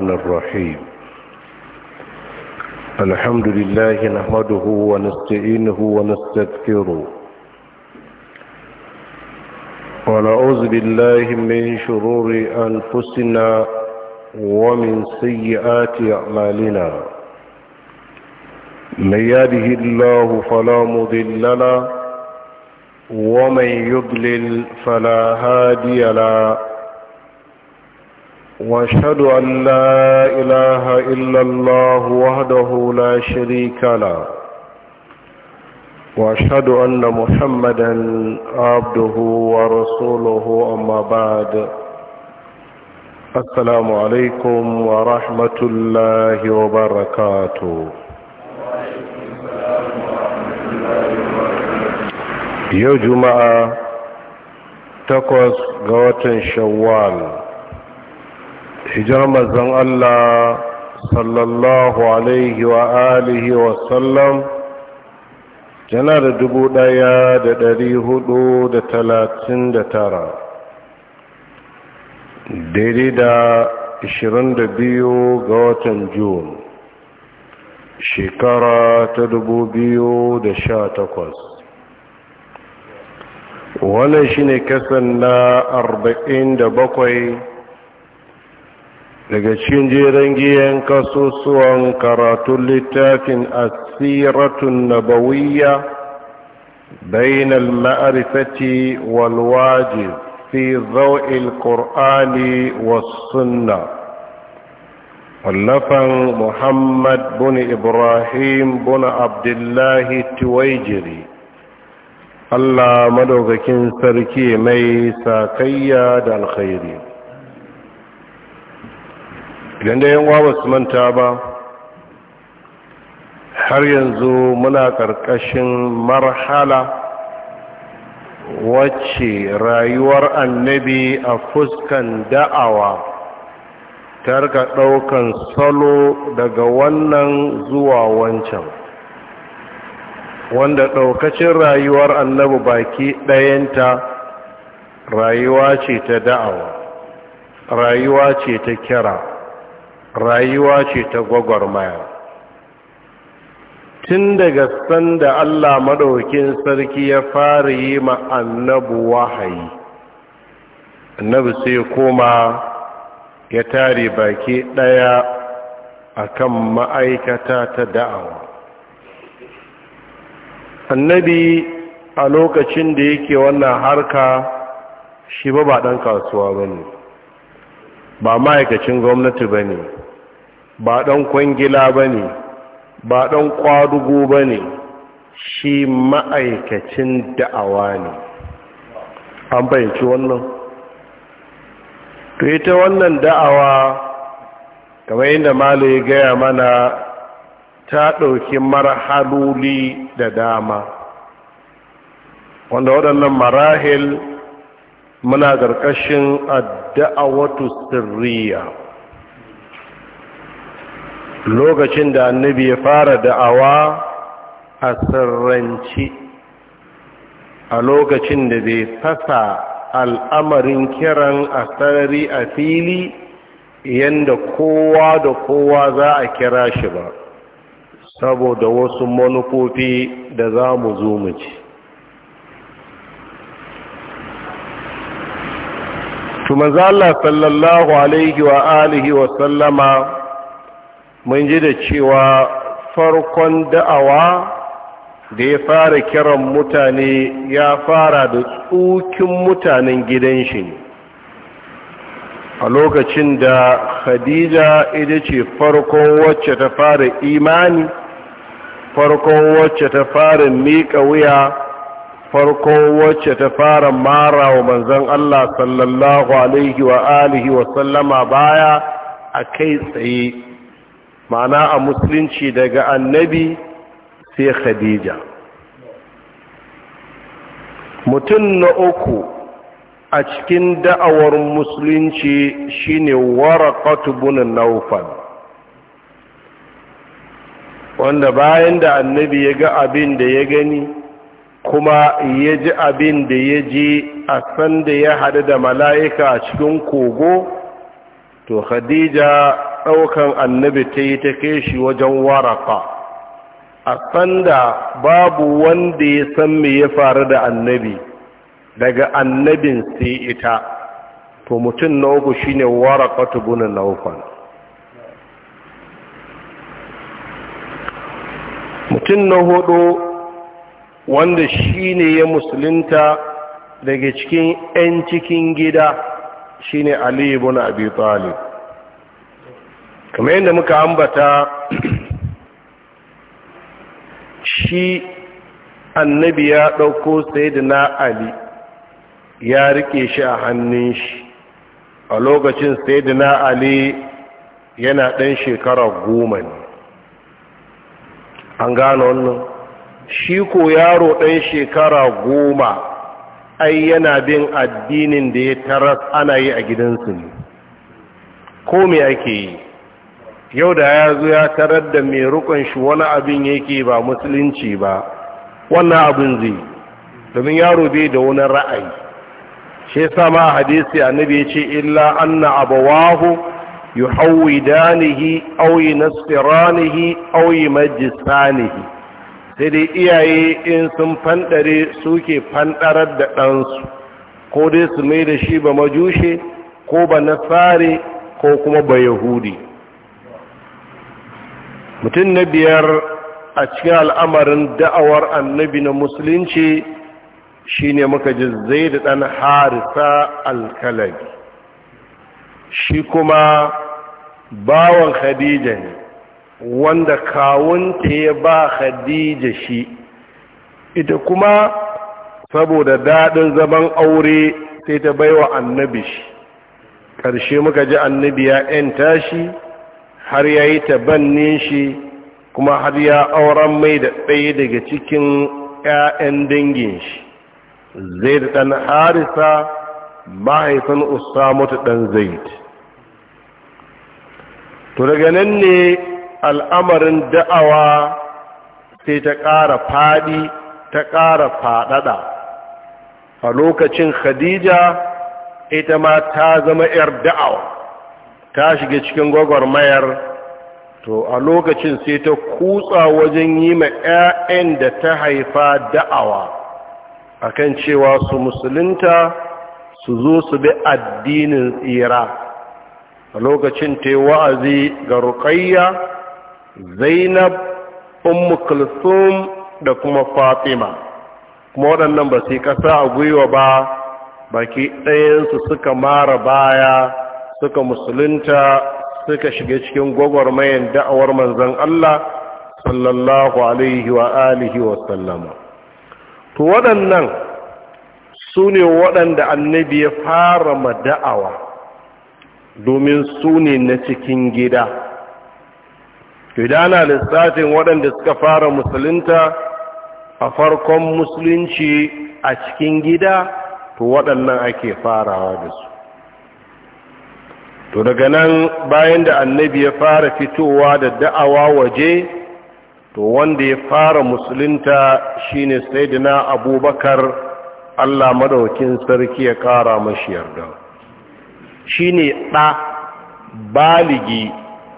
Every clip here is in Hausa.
الرحيم الحمد لله نحمده ونستعينه ونستذكره ونعوذ بالله من شرور أنفسنا ومن سيئات أعمالنا من يهده الله فلا مضل له ومن يضلل فلا هادي له واشهد ان لا اله الا الله وحده لا شريك له واشهد ان محمدا عبده ورسوله اما بعد السلام عليكم ورحمه الله وبركاته يا جماعه تقص غوات شوال hijar mazan Allah sallallahu alaihi wa alihi wa sallam da dubu ɗaya da dari hudu da talatin da tara daidai da ishirin da biyu ga watan Jun shekara ta dubu biyu da sha takwas wannan shine kasan na arba'in da bakwai daga cikin jeren giyan kasusuwan karatun littafin asiratun nabawiyya bainal ma'arifati wal wajib fi zau'il ƙor'ani was sunna wallafan muhammad bin ibrahim bin abdullahi tuwaijiri allah madaukakin sarki mai sakayya da alkhairi idan da yanwa ba su manta ba har yanzu muna ƙarƙashin marhala wacce rayuwar annabi a fuskan da'awa ta rika ɗaukan salo daga wannan zuwa wancan wanda ɗaukacin rayuwar annabi baki ɗayanta rayuwa ce ta da'awa rayuwa ce ta kira rayuwa ce ta gwagwarmaya tun daga sanda Allah maɗaukin sarki ya fara yi ma annabu wahayi Annabu sai koma ya tare baki ɗaya akan ma'aikata ta da'awa annabi a lokacin da yake wannan harka shi ba ba ɗan kasuwa ba ne ba ma'aikacin gwamnati ba ne ba ɗan kwangila ba ne ba ɗan ƙwadugo ba ne shi ma'aikacin da'awa ne an bayanci wannan to ita wannan da'awa kamar yadda malu ya gaya mana ta ɗauki marhaloli da dama wanda waɗannan marahil muna ƙarƙashin adda'awatu sirriya lokacin da annabi ya fara da'awa a sirranci a lokacin da bai fasa al'amarin kiran a sarari a fili yadda kowa da kowa za a kira shi ba saboda wasu manufofi da za mu zo mu ci Allah sallallahu alaihi wa alihi wa sallama mun ji da cewa farkon da'awa da ya fara kiran mutane ya fara da tsukin mutanen gidan shi a lokacin da khadija ita ce farkon wacce ta fara imani farkon wacce ta fara miƙa wuya farkon wacce ta fara mara wa manzan Allah sallallahu alaihi wa wa sallama baya a kai tsaye ma'ana a musulunci daga annabi sai khadija mutum na uku a cikin da'awar musulunci shine waraqatu bin naufal wanda bayan da annabi ya ga abin da ya gani kuma ya ji abin da ya ji a sanda ya haɗu da mala'ika a cikin kogo to khadija ɗaukan annabi ta yi ta kai shi wajen waraka a sanda babu wanda ya san me ya faru da annabi daga annabin sai ita to mutum na uku shine waraka tubunan naufan mutum na hudu wanda shine ya musulunta daga cikin 'yan cikin gida shine ali ibn abi talib kamar yadda muka ambata shi annabi ya ɗauko sai na ali ya rike shi a hannun shi a lokacin sai na ali yana ɗan shekara goma ne an gano wannan shi ko yaro ɗan shekara goma ai yana bin addinin da ya taras ana yi a gidansu ne ko me ake yi yau da ya zo ya tarar da mai rukun shi wani abin yake ba musulunci ba wannan abin zai domin yaro bai da wani ra'ayi shi yasa ma hadisi annabi ya ce illa anna abawahu yuhawidanihi aw yunasiranihi aw yumajjisanihi sai dai iyaye in sun fandare suke fanɗarar da ɗansu ko dai su mai da shi ba majushe ko ba nasare ko kuma ba yahudi mutum na biyar a cikin al'amarin da'awar annabi na musulunci shi ne muka ji zai da ɗan harisa alkalabi shi kuma bawan khadija ne wanda kawunta ya ba khadija shi ita kuma saboda daɗin zaman aure sai ta baiwa annabi shi ƙarshe muka ji annabi ya 'yan tashi har ya yi tabannin shi kuma har ya auren mai da ɗaya daga cikin 'ya'yan dangin shi zai da ɗan harisa mahaifin usamatu ɗan zaid to daga nan ne al'amarin da'awa sai ta ƙara faɗi ta ƙara faɗaɗa a lokacin khadija ita ma ta zama 'yar da'awa ta shiga cikin gwagwarmayar to a lokacin sai ta kutsa wajen yi ma 'ya'yan da ta haifa da'awa akan cewa su musulunta su zo su bi addinin tsira a lokacin ta yi wa'azi ga rukayya zainab ummu kulthum da kuma fatima kuma waɗannan ba sai ƙasa a gwiwa ba baki ɗayansu suka mara baya suka musulunta suka shiga cikin gwagwarmayan da'awar manzon Allah sallallahu alaihi wa alihi wa sallama to waɗannan su ne waɗanda annabi ya fara ma da'awa domin su ne na cikin gida to idan lissafin waɗanda suka fara musulunta a farkon musulunci a cikin gida to waɗannan ake farawa da su to daga nan bayan da annabi ya fara fitowa da da'awa waje to wanda ya fara musulunta shine sayyidina abubakar allah madaukin sarki ya kara mashi yarda shine ɗa baligi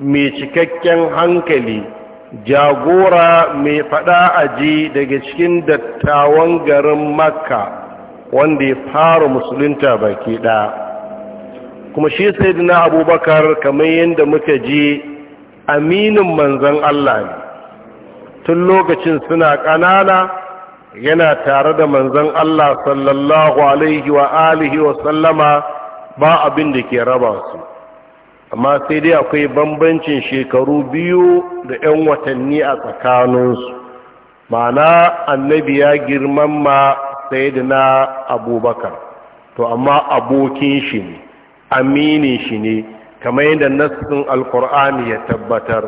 mai cikakken hankali jagora mai fada aji daga cikin dattawan garin makka wanda ya fara musulunta baki ɗaya kuma shi na abubakar kamar yadda muka ji aminin manzan Allah ne tun lokacin suna ƙanana yana tare da manzan Allah sallallahu alaihi wa alihi wa sallama ba abin da ke raba su amma sai dai akwai bambancin shekaru biyu da 'yan watanni a tsakaninsu ma'ana annabi ya girman ma na abubakar to amma abokin shi ne aminin shi ne kamar yadda nassin alkur'ani ya tabbatar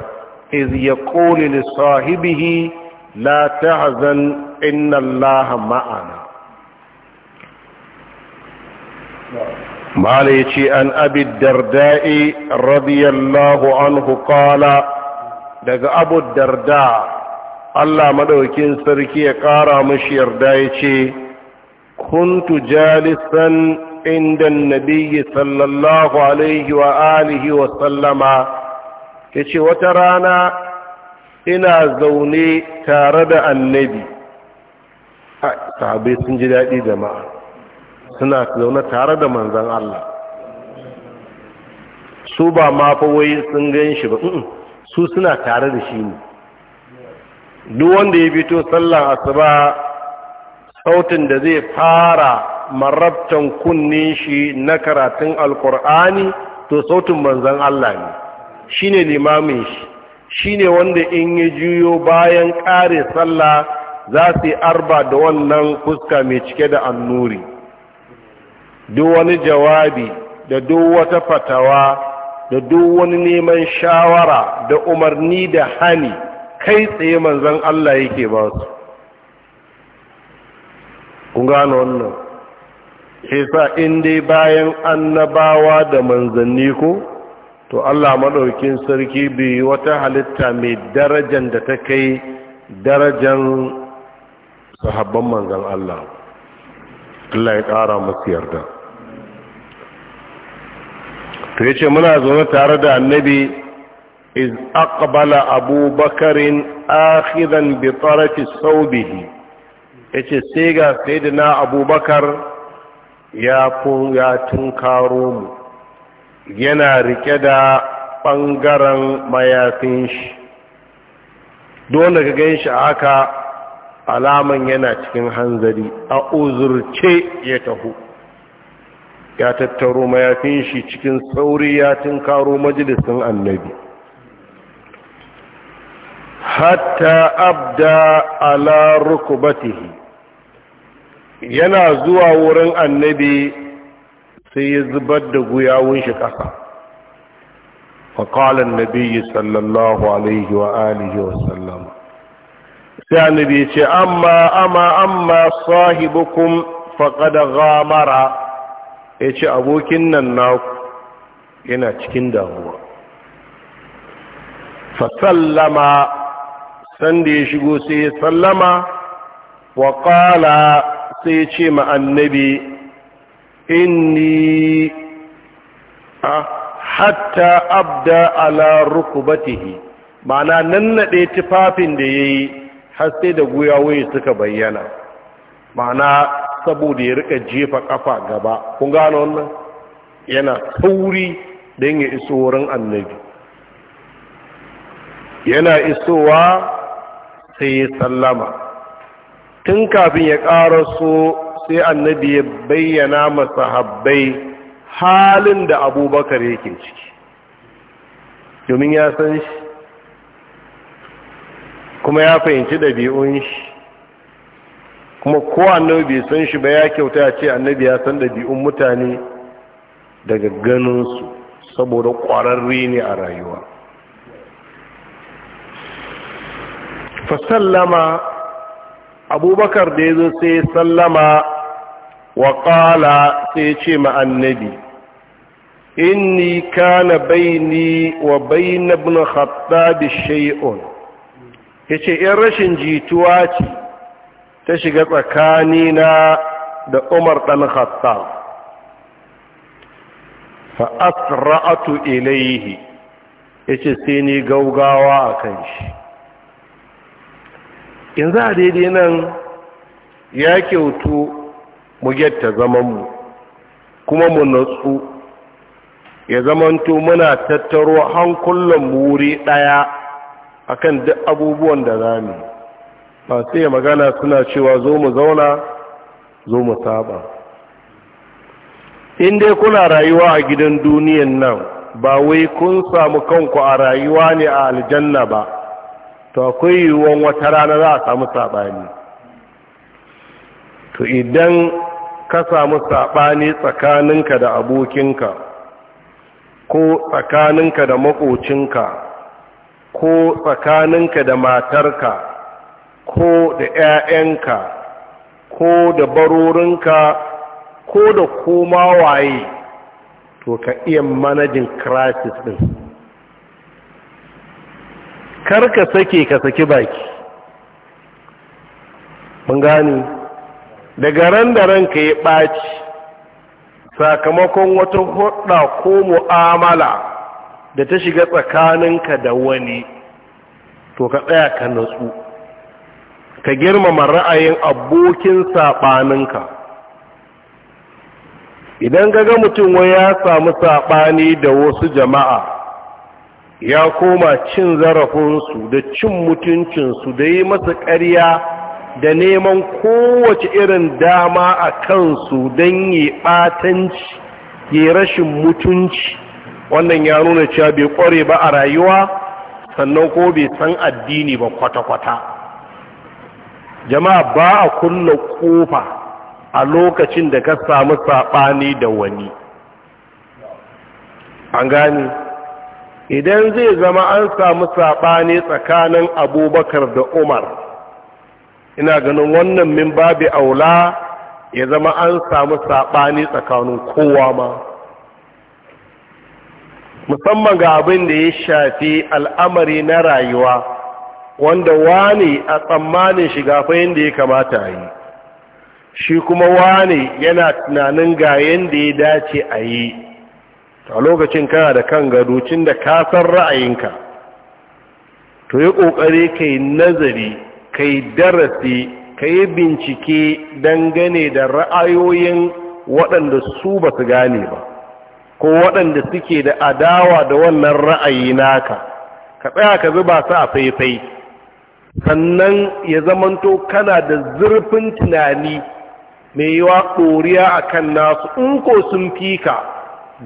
iz yaqulu li sahibihi la tahzan inna allaha ma'ana mala ce an abi darda'i radiyallahu anhu kala, daga abu darda Allah maɗaukin sarki ya ƙara mashi yarda yace kuntu jalisan عند النبي صلى الله عليه وآله وسلم يشي وترانا إنا زوني تارد النبي sahabai sun ji daɗi jama'a suna zaune tare da manzan Allah su ba ma wai sun shi ba su suna tare da shi ne duk wanda ya fito sallar asuba sautin da zai fara marabtan kunnin shi na karatun alkur'ani to sautin manzan Allah ne shi ne limamin shi shi ne wanda in yi juyo bayan ƙare sallah za su yi arba da wannan fuska mai cike da annuri duk wani jawabi da duk wata fatawa da duk wani neman shawara da umarni da hani kai tsaye manzan Allah yake ba su kun gano wannan shi sa in dai bayan annabawa da manzanni ko to Allah maɗaukin sarki bi wata halitta mai darajan da ta kai darajan sahabban manzan Allah Allah ya ƙara masu yarda to yace muna zaune tare da annabi iz aqbala abubakarin akhidan bi tarafi saubihi yace sai ga sayyidina abubakar ya kun ya tunkaro mu yana rike da ɓangaren mayafin shi dole ka gan shi haka alaman yana cikin hanzari a uzurce ya taho ya tattaro mayafin shi cikin sauri ya tunkaro majalisun annabi hatta abda ala rukubatihi yana zuwa wurin annabi sai ya zubar da guyawun shi ƙasa faƙalar nabi sallallahu alaihi wa alihi wa sallam sai annabi ce amma amma amma sahibukum faƙada ghamara ya ce abokin nan na yana cikin damuwa Fa sallama sanda ya shigo sai ya sallama wa ƙala sai ya ce ma annabi inni a hatta abda ala rukubatihi ma'ana nannaɗe tufafin da ya yi har sai da guyawoyi suka bayyana ma'ana saboda ya rika jefa ƙafa gaba kun gano wannan yana tauri don ya iso wurin annabi yana isowa sai ya sallama tun kafin ya ƙaraso sai annabi ya bayyana masa habbai halin da abubakar yake ciki domin ya san shi kuma ya fahimci ɗabi'un shi kuma ko annabi bai san shi ba ya kyauta ce annabi ya san ɗabi'un mutane daga ganinsu saboda ƙwararre ne a rayuwa fasallama abubakar da ya zo sai sallama wa ƙala sai ce ma'annabi inni kana baini wa baina ibn khattabi shay'un yace in rashin jituwa ce ta shiga tsakanina da Umar dan Khattab fa asra'atu ilayhi yace sai ni gaugawa akan shi yanzu a daidai nan ya kyautu mu gyatta zamanmu kuma mu natsu ya zamanto muna tattaro hankulan wuri ɗaya akan duk abubuwan da za mu ba sai magana suna cewa zo mu zauna zo mu saba in dai kuna rayuwa a gidan duniyan nan ba wai kun samu kanku a rayuwa ne a aljanna ba to akwai yiwuwan wata rana za a samu saɓani to idan ka samu saɓani tsakaninka da abokinka ko tsakaninka da maƙocinka ko tsakaninka da matarka ko da 'ya'yanka ko da barorinka ko da koma waye to ka iya manajin crisis din kar ka sake ka saki baki mun gani daga ran da ranka ya ɓaci sakamakon wata hudda ko mu'amala da ta shiga tsakaninka da wani to ka tsaya ka natsu ka girmama ra'ayin abokin saɓaninka idan ga mutum wai ya samu saɓani da wasu jama'a ya koma cin zarafinsu da cin mutuncinsu da yi masa ƙarya da neman kowace irin dama a kansu don yi ɓatanci yi rashin mutunci wannan ya nuna cewa bai ƙware ba a rayuwa sannan ko bai san addini ba kwata-kwata jama'a ba a kulla ƙofa a lokacin da ka samu saɓani da wani an gani idan zai zama an samu saɓani tsakanin abubakar da umar ina ganin wannan min babi aula ya zama an samu saɓani tsakanin kowa ma musamman ga abin da ya shafi al'amari na rayuwa wanda wani a tsammanin shiga fayin da ya kamata yi shi kuma wani yana tunanin ga yadda ya dace a yi a lokacin kana da kan gado cin da ka san ra'ayinka to yi kokari kai nazari kai darasi kai bincike dangane da ra'ayoyin waɗanda su ba su gane ba ko waɗanda suke da adawa da wannan ra'ayi naka ka tsaya ka zuba su a faifai sannan ya zamanto kana da zurfin tunani mai yiwa ɗoriya a kan nasu in ko sun fi ka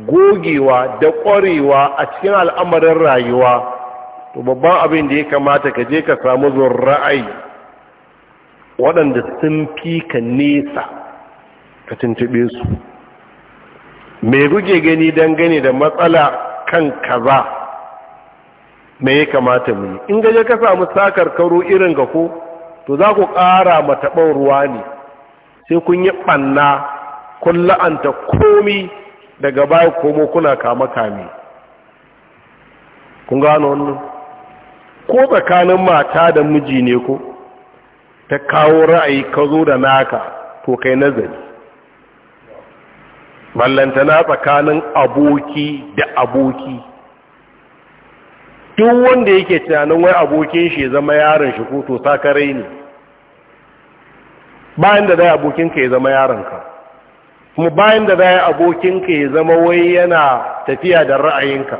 gogewa da ƙwarewa a cikin al'amarin rayuwa to babban abin da ya kamata ka je ka samu zuwan ra'ayi waɗanda sun fi ka nesa ka tuntube su mai ruge gani dangane da matsala kan kaza me ya kamata mu yi in gaje ka samu sakar karo irin ga ko to za ku ƙara mataɓar ruwa ne sai kun yi ɓanna kun la'anta komi daga baya komo kuna kama kame kun gano wannan ko tsakanin mata da miji ne ko ta kawo ra'ayi ka zo da naka to kai nazari ballantana tsakanin aboki da aboki duk wanda yake tunanin wai abokin shi zama yaron shi ko to sakarai ne bayan da dai abokinka ya zama yaronka kuma bayan da za a yi abokinka ya zama wai yana tafiya da ra'ayinka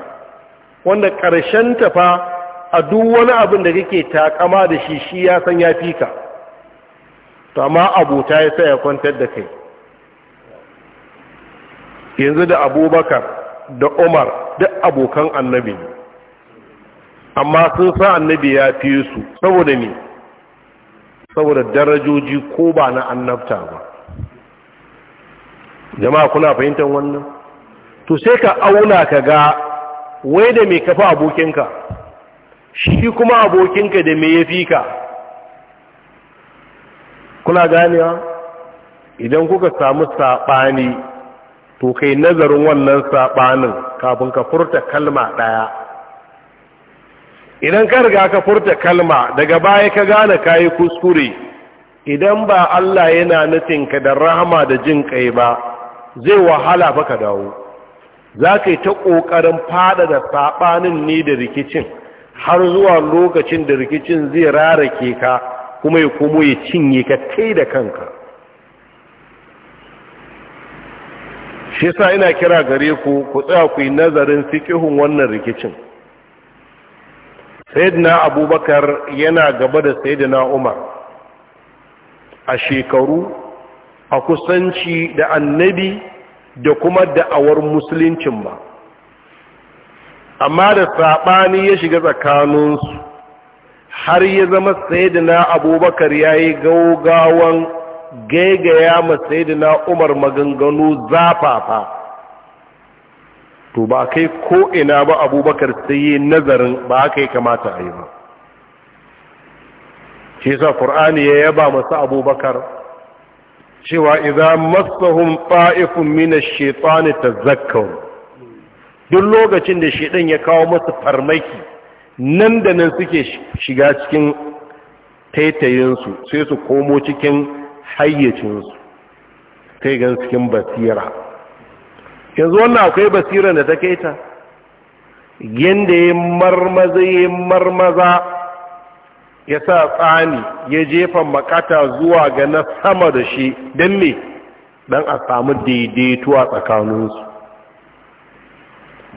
wanda ƙarshen tafa a duk wani abin da kake takama da shi shi ya san ya fi ka to amma abota ya sa ya kwantar da kai yanzu da abubakar da umar duk abokan annabi amma sun sa annabi ya fi su saboda ne saboda darajoji ko ba na annabta ba jama'a kuna fahimtar wannan to sai ka auna ka ga wai da mai kafa abokinka shi kuma abokinka da mai ya fi ka kuna ganewa idan kuka samu saɓani to kai nazarin wannan saɓanin kafin ka furta kalma ɗaya idan ka riga ka furta kalma daga baya ka gane kayi kuskure idan ba Allah yana nufinka da rahama da jin kai ba zai wahala baka dawo za ka yi ta ƙoƙarin fada da saɓanin ne da rikicin har zuwa lokacin da rikicin zai rarake ka kuma ya kuma ya cinye ka kai da kanka shi sa ina kira gare ku ku tsaya ku yi nazarin fikihun wannan rikicin na abubakar yana gaba da sayyidina umar a shekaru a kusanci da annabi da kuma da'awar musuluncin ba amma da saɓani ya shiga tsakaninsu har ya zama sayidina abubakar ya yi gaugawan gaigaya ma umar maganganu zafafa to ba kai ko'ina ba abubakar sai yi nazarin ba kai kamata a yi ba shi sa ƙur'ani ya yaba masu abubakar cewa idza massahum ta'ifun min ash ta tazakkaru duk lokacin da shedan ya kawo masa farmaki nan da nan suke shiga cikin taitayinsu sai su komo cikin hayyacinsu kai gan cikin basira yanzu wannan akwai basira da ta kaita yanda ya marmaza ya marmaza ya sa tsani ya jefa makata zuwa ga na sama da shi don me don a samu daidaituwa tsakaninsu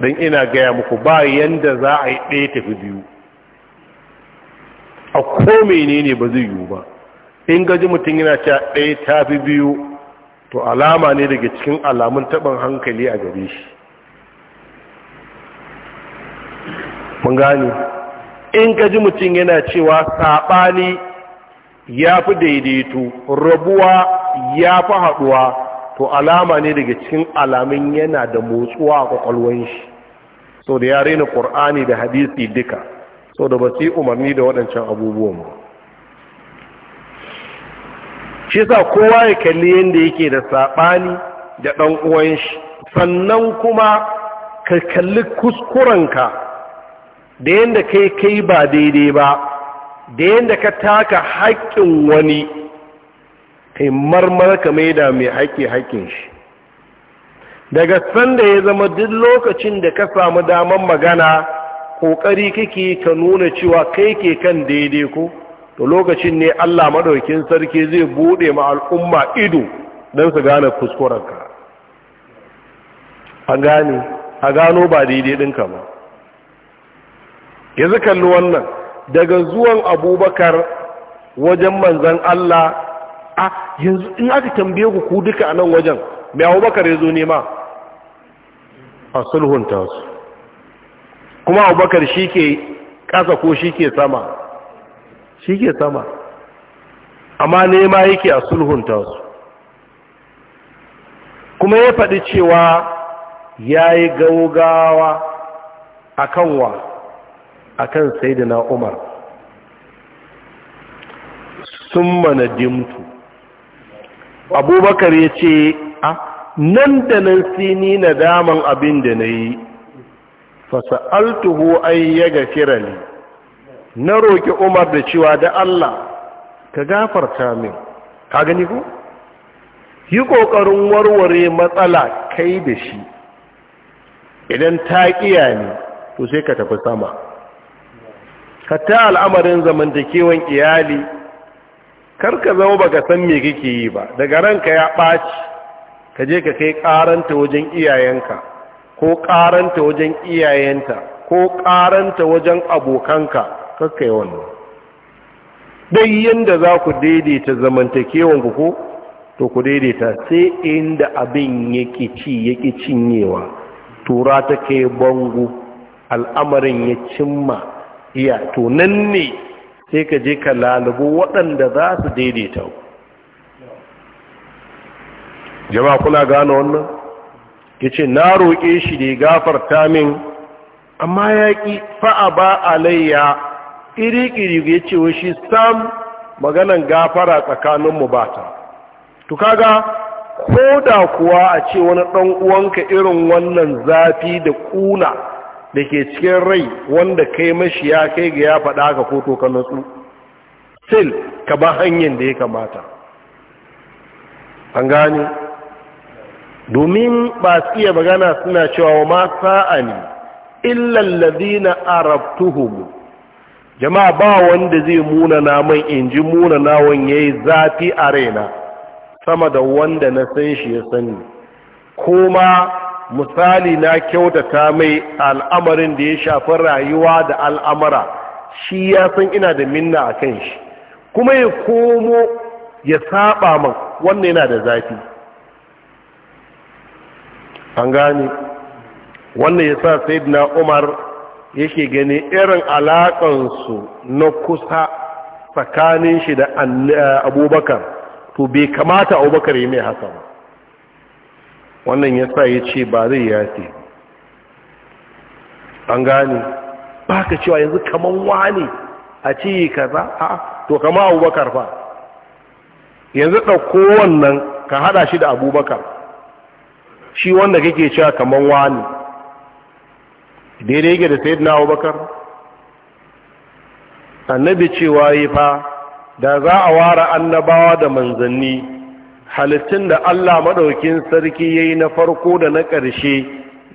don ina gaya muku ba yanda za a yi ɗaya tafi biyu a ko menene ba zai yiwu ba in gaji mutum yana cewa ɗaya tafi biyu to alama ne daga cikin alamun taɓin hankali a gare shi mun gane in ka ji mutum yana cewa saɓani ya fi daidaito rabuwa ya fi haɗuwa to alama ne daga cikin alamin yana da motsuwa a kwakwalwan shi so da ya raina ƙor'ani da hadisi duka so da ba su yi umarni da waɗancan abubuwan ba shi sa kowa ya kalli yadda yake da saɓani da ɗan uwan shi sannan kuma ka kalli kuskurenka da yadda kai kai ba daidai ba da yadda ka taka haƙƙin wani kai marmar ka maida mai haƙƙi haƙƙin shi daga sanda ya zama duk lokacin da ka samu damar magana ƙoƙari kake ka nuna cewa kai ke kan daidai ko to lokacin ne Allah maɗaukin sarki zai buɗe ma al'umma ido don su gane kuskurenka a gano ba daidai ɗinka ba yanzu kalli wannan daga zuwan abubakar wajen manzan Allah a yanzu in aka tambaye ku ku duka a nan wajen mai abubakar ya zo nema a sulhunta su kuma abubakar shi ke ƙasa ko shi ke sama shi ke sama amma nema yake a sulhunta su kuma ya faɗi cewa ya yi gaugawa a kanwa akan sayyidina umar summa nadimtu abubakar ya ce a ah, nan da nan sini na daman abin da nayi yi sa'altuhu ai ya gafira na roƙi umar da cewa da Allah ka gafarta min ka gani ku? yi ƙoƙarin warware matsala kai da shi idan ta ƙiya ne to sai ka tafi sama Ka ta al'amarin zamantakewan iyali kar ka zama baka san me kake yi ba daga ranka ya ɓaci ka je ka kai ƙaranta wajen iyayenka ko ƙaranta wajen iyayenta ko ƙaranta wajen abokanka kakka yi wannan dai yadda za ku daidaita zamantakewan ku ko to ku daidaita sai inda abin yake ci yake cinyewa tura ta kai bango al'amarin ya cimma iya to nan ne sai ka je ka lalubu waɗanda za su daidaita jama'a kuna gano wannan ya ce na roƙe shi da ya gafarta min amma ya ƙi fa'a ba a iri-iri ya ce wa shi sam maganan gafara tsakaninmu ba ta to kaga ko da kuwa a ce wani ɗan uwanka irin wannan zafi da ƙuna da ke cikin rai wanda kai mashi ya kai ga ya faɗa ka koko ka nutsu. sil ka ba hanyar da ya kamata an gane domin ba su iya magana suna cewa wa ma sa'ani illallazi na arabtuhumu jama'a ba wanda zai muna naman inji muna nawan ya yi zafi a raina sama da wanda na san shi ya sani koma. misali na kyautata mai al'amarin da ya shafi rayuwa da al'amara shi ya san ina da minna a kan shi kuma ya komo ya saba man wannan yana da zafi an gane wannan ya sa na umar yake gani irin alaƙansu na kusa tsakanin shi da eh, abubakar to bai kamata abubakar yi mai hasa ba wannan ya sa ya ce ba zai yafe an gane ba ka cewa yanzu kamar wani a ce kaza a to kama abubakar fa yanzu ɗauko wannan ka hada shi da abubakar shi wanda kake cewa kamar wani daidai yake da sai na abubakar annabi cewa yi fa da za a ware annabawa da manzanni halittun da Allah maɗaukin sarki ya yi na farko da na ƙarshe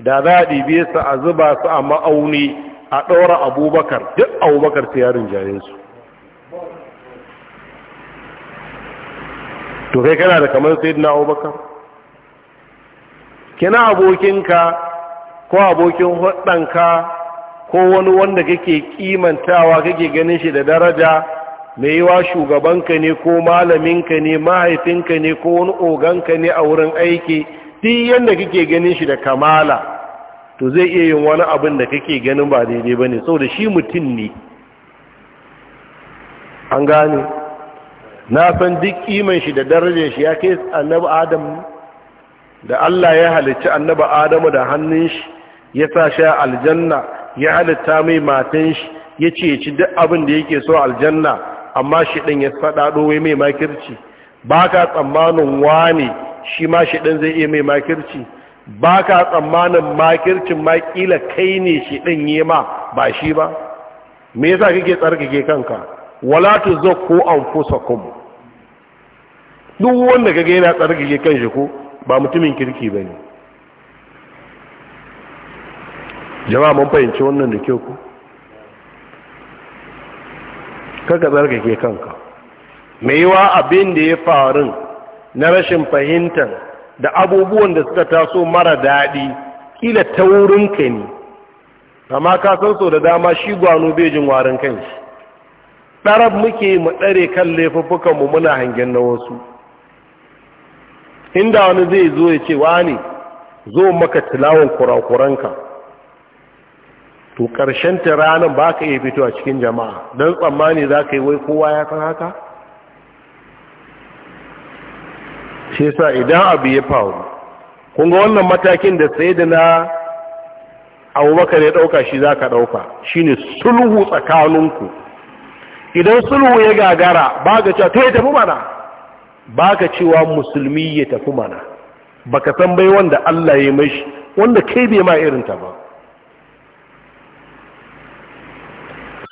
da za a ɗibe su a zuba su a ma'auni a ɗaura abubakar duk abubakar ta yarin jayensu to kai kana da kamar sai na abubakar kina abokinka ko abokin hudanka ko wani wanda kake kimantawa kake ganin shi da daraja mai yiwa shugabanka ne ko malaminka ne mahaifinka ne ko wani oganka ne a wurin aiki duk yadda kake ganin shi da kamala to zai iya yin wani abin da kake ganin ba daidai ba ne saboda shi mutum ne an gane na san duk kiman shi da darajar shi ya kai annabi adam da Allah ya halicci annabi adamu da hannun shi ya sa shi aljanna ya halitta mai matan shi ya ce ci duk abin da yake so aljanna amma shi ɗin ya faɗaɗo wai mai makirci ba ka tsammanin wane shi ma shi ɗin zai iya mai makirci ba ka tsammanin makircin ma kai ne shi ɗin yi ma ba shi ba me yasa kake tsarkake kanka wala an fusa kuma duk wanda ka yana tsarkake shi ko ba mutumin kirki ba ne. jama'a mun fahimci wannan da kyau ko kaka ke kanka mai yiwa abin da ya faru na rashin fahimtar da abubuwan da suka taso mara daɗi kila taurin ka ne amma ka san so da dama shi gwano bejin warin kanshi ɗarab muke mu ɗare kan laifuffukanmu muna hangen na wasu inda wani zai zo ya ce wa ne zo maka tilawon kurakuranka to ƙarshen ta ranar ba ka iya fito a cikin jama'a don tsammani za ka yi wai kowa ya san haka shi sa idan abu ya faru kun ga wannan matakin da sai da na abubakar ya ɗauka shi za ka ɗauka shi ne sulhu tsakaninku idan sulhu ya gagara ba ka cewa ta ya tafi mana ba ka cewa musulmi ya tafi mana ba ka san bai wanda allah ya mashi wanda kai bai ma irinta ba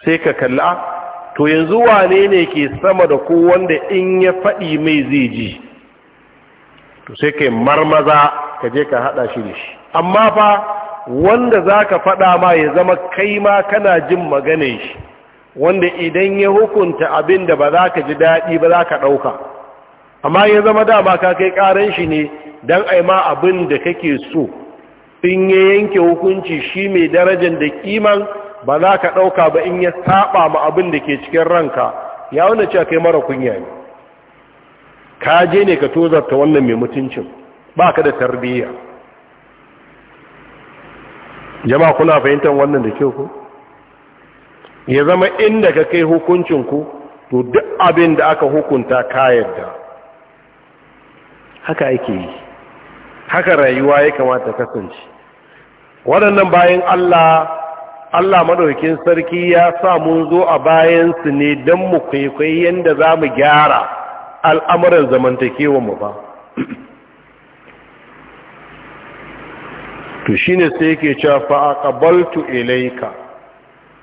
sai ka kalla to yanzu wane ne ke sama da ko wanda in ya faɗi mai zai ji to sai ka marmaza ka je ka haɗa shi da shi amma fa wanda za ka faɗa ma ya zama kai ma kana jin maganin shi wanda idan ya hukunta abin da ba za ka ji daɗi ba za ka ɗauka amma ya zama dama ka kai ƙaran shi ne don aima abin da kake so in ya yanke hukunci shi mai darajar da kiman ba za ka ɗauka ba in ya saɓa ma abin da ke cikin ranka ya wani cewa kai mara kunya ne ka je ne ka tozarta wannan mai mutuncin ba ka da tarbiyya jama kuna fahimtar wannan da kyau ku ya zama inda ka kai hukuncin ku to duk abin da aka hukunta ka yadda haka ake yi haka rayuwa ya kamata kasance waɗannan bayan Allah Allah madaukin sarki ya sa mun zo a bayansu ne don mu kwaikwayi yadda za mu gyara al'amuran zamantakewa mu ba. To shi sai yake cewa fa'aƙabaltu ilaika,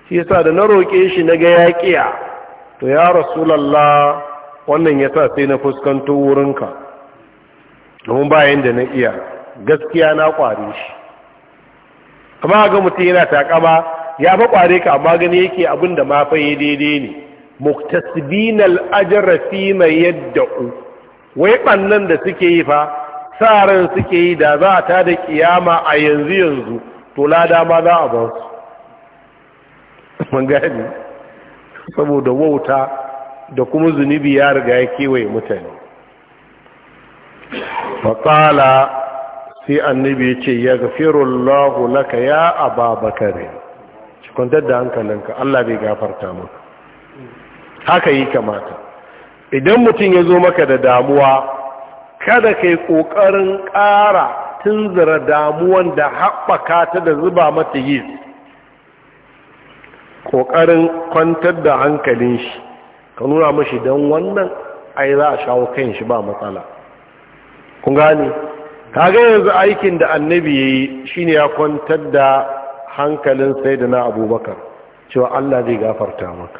shi sa da na roƙe shi na ga yaƙiya, to ya Rasulallah wannan ya sa sai na fuskanto wurinka, domin bayan da na iya, gaskiya na ƙware shi. amma ga mutum yana takama ya fa kware ka amma gani yake abin da ma fa daidai ne muktasibin al'ajra fi yadda yadda'u wai bannan da suke yi fa sa ran suke yi da za ta da ƙiyama a yanzu yanzu to lada ma za a ba su mun saboda wauta da kuma zunubi ya riga ya kewaye mutane fatsala sai annabi ya ce ya gafirullahu laka ya ababakare bakare kwantar da hankalinka Allah bai gafarta maka haka yi kamata idan mutum ya zo maka da damuwa kada ka yi ƙoƙarin ƙara tunzura damuwan da haɓaka ta da zuba mata yi ƙoƙarin kwantar da hankalin shi ka nuna mashi don wannan ai za a shawo kan shi ba matsala Ku gane kaga yanzu aikin da annabi yayi shine ya kwantar da hankalin na abubakar cewa Allah zai gafarta maka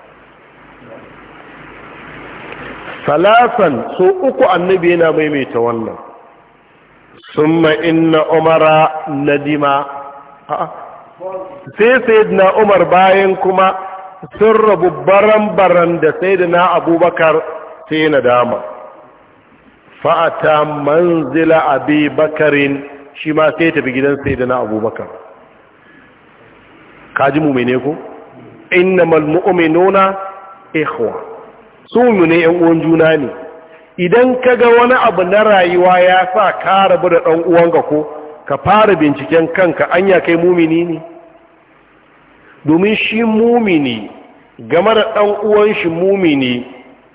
salasan su uku annabi yana maimaita wannan summa inna umara nadima sai na umar bayan kuma sun rabu baran-baran da na abubakar sai na dama fa'ata manzila abi bakarin shi ma sai tafi gidan sai da na abubakar kaji mu mene ko innamal mu'minuna ikhwa su mu ne uwan juna ne idan ka ga wani abu na rayuwa ya sa ka rabu da ɗan uwanka ko ka fara binciken kanka anya kai mumini ne domin shi mumini game da ɗan uwan shi mumini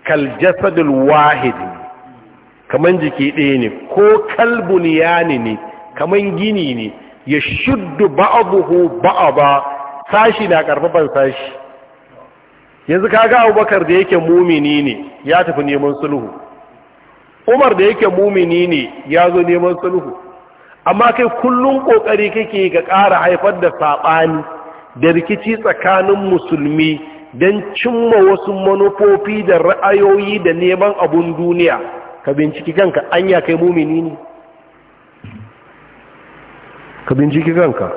kal jasadul wahidi kaman jiki ɗaya ne ko kalbun yani ne kaman gini ne ya shuddu ba'abuhu ba'aba sashi na karfafan sashi yanzu kaga abubakar da yake mumini ne ya tafi neman sulhu umar da yake mumini ne ya zo neman sulhu amma kai kullum ƙoƙari kake ga ƙara haifar da saɓani da rikici tsakanin musulmi don cimma wasu manufofi da ra'ayoyi da neman abun duniya ka binciki kanka ya kai mumini ne ka binciki kanka